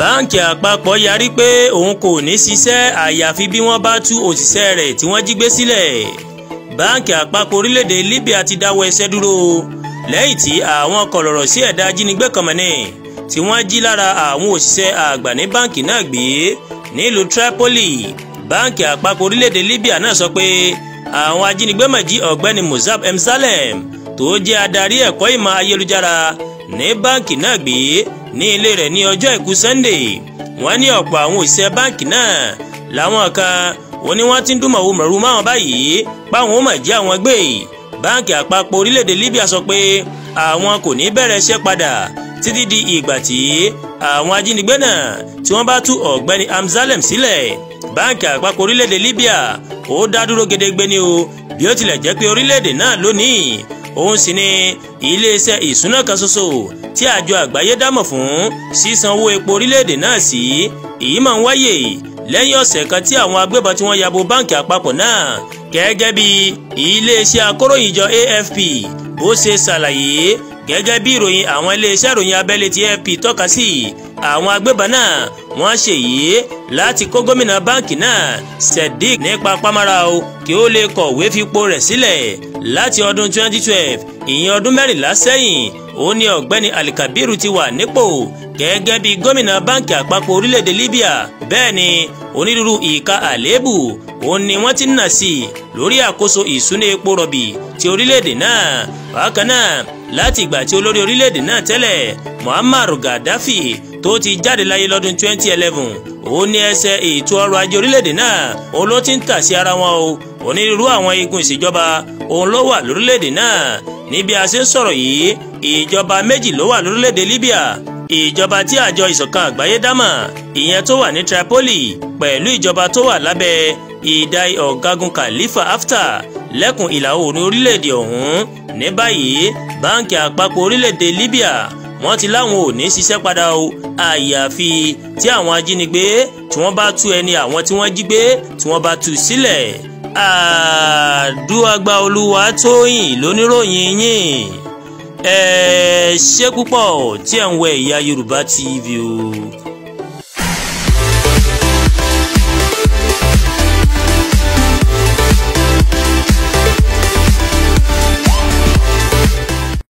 báǹkì àpapọ̀ yarí pé òun kò ní ṣiṣẹ́ àyàfi bí wọ́n bá tú òṣìṣẹ́ rẹ̀ tí wọ́n jí gbé sílẹ̀ báǹkì àpapọ̀ orílẹ̀-èdè Libya ti dáwọ́ iṣẹ́ dúró lẹ́yìn tí àwọn kọ̀lọ̀rọ̀ sí ẹ̀dá ajínigbé kan mọ́ni tí wọ́n jí lára àwọn òṣìṣẹ́ àgbà ní báǹkì náà gbé nílùú Tripoli báǹkì àpapọ̀ orílẹ̀-èdè Libya náà sọ pé àwọn ajínigbé mọ̀jí ọ̀gbẹ́ni Musab M. Salem tó jẹ́ adarí ẹ̀kọ́ ìmọ̀ ní báǹkì náà gbé ní ilé rẹ̀ ní ọjọ́ àìkú Sunday wọ́n ní ọ̀pọ̀ àwọn òṣìṣẹ́ báǹkì náà làwọn kan wọ́n ní wọ́n ti ń dúnmọ̀ òmùrù máwọn báyìí páwọn ó mà jí àwọn gbé báǹkì àpapọ̀ orílẹ̀-èdè Libya sọ pé àwọn kò ní bẹ̀rẹ̀ iṣẹ́ padà títí di ìgbà tí àwọn ajínigbé náà tí wọ́n bá tú ọ̀gbẹ́ni Amzalem sílẹ̀ báǹkì àpapọ̀ orílẹ̀-èdè Libya ó dá dúró gedegbe ni o bí ó tilẹ̀ jẹ́ pé orílẹ̀-èdè náà lónìí òun sì ni iléeṣẹ́ ìṣúná kan ṣoṣo tí àjọ àgbáyé dámọ̀ fún sísan owó epo orílẹ̀-èdè náà sí èyí máa ń wáyè lẹ́yìn ọ̀sẹ̀ kan tí àwọn agbébọn tí wọ́n yabo báǹkì àpapọ̀ náà gẹ́gẹ́ bí iléeṣẹ́ akóròyìnjọ AFP bó ṣe ṣàlàyé gẹ́gẹ́ bí ìròyìn àwọn iléeṣẹ́ ìròyìn abẹ́lé ti AFP tọ́ka sí àwọn agbébọn náà wọ́n ṣe yìí láti kó gómìnà báǹkì náà Sadiq nípa pamara o kí ó lè kọ̀wé fipò rẹ̀ sílẹ̀ láti ọdún 2012 ìyẹn ọdún mẹ́rìnlá sẹ́yìn ó ní ọ̀gbẹ́ni Alikabiru ti wà nípò gẹ́gẹ́ bí gómìnà báǹkì àpapọ̀ orílẹ̀-èdè Libya bẹ́ẹ̀ ni onírúurú ìka àléébù òun ni wọ́n ti ń nà sí i lórí àkóso ìsúná epo rọ̀bì ti orílẹ̀-èdè náà bákan náà láti ìgbà tí olórí orílẹ̀-èdè náà tẹ́lẹ̀ Muammar Gaddafi tó ti jáde láyé lọ́dún 2011 òun ní ẹsẹ̀ ètò ọrọ̀ ajé orílẹ̀-èdè náà òun ló ti ń tà sí ara wọn o onírúurú àwọn igun ìṣèjọba òun ló wà lórílẹ̀-èdè náà níbi a ń sọ̀rọ̀ yìí ìjọba méjì ló wà lórílẹ̀-èdè Libya ìjọba tí àjọ ìṣọ̀kan àgbáyé dámọ̀ ìyẹn tó wà ní Tripoli pẹ̀lú ìjọba tó wà lábẹ́ ìdáì ọ̀gágun Khalifa Haftar lẹ́kùn ìlà oòrùn orílẹ̀-èdè ọ̀hún ní báyìí báńkì àpapọ̀ orílẹ̀-èdè Libya wọ́n ti láwọn ò ní ṣiṣẹ́ padà o àyàfi tí àwọn ajínigbé tí wọ́n bá tú ẹni àwọn tí wọ́n jí gbé tí wọ́n bá tú sílẹ̀ àdúràgbà olúwa tóyìn lóníròyìn yìn ẹ ṣé púpọ̀ tí ẹ̀ ń wẹ Ìyá Yorùbá TV o.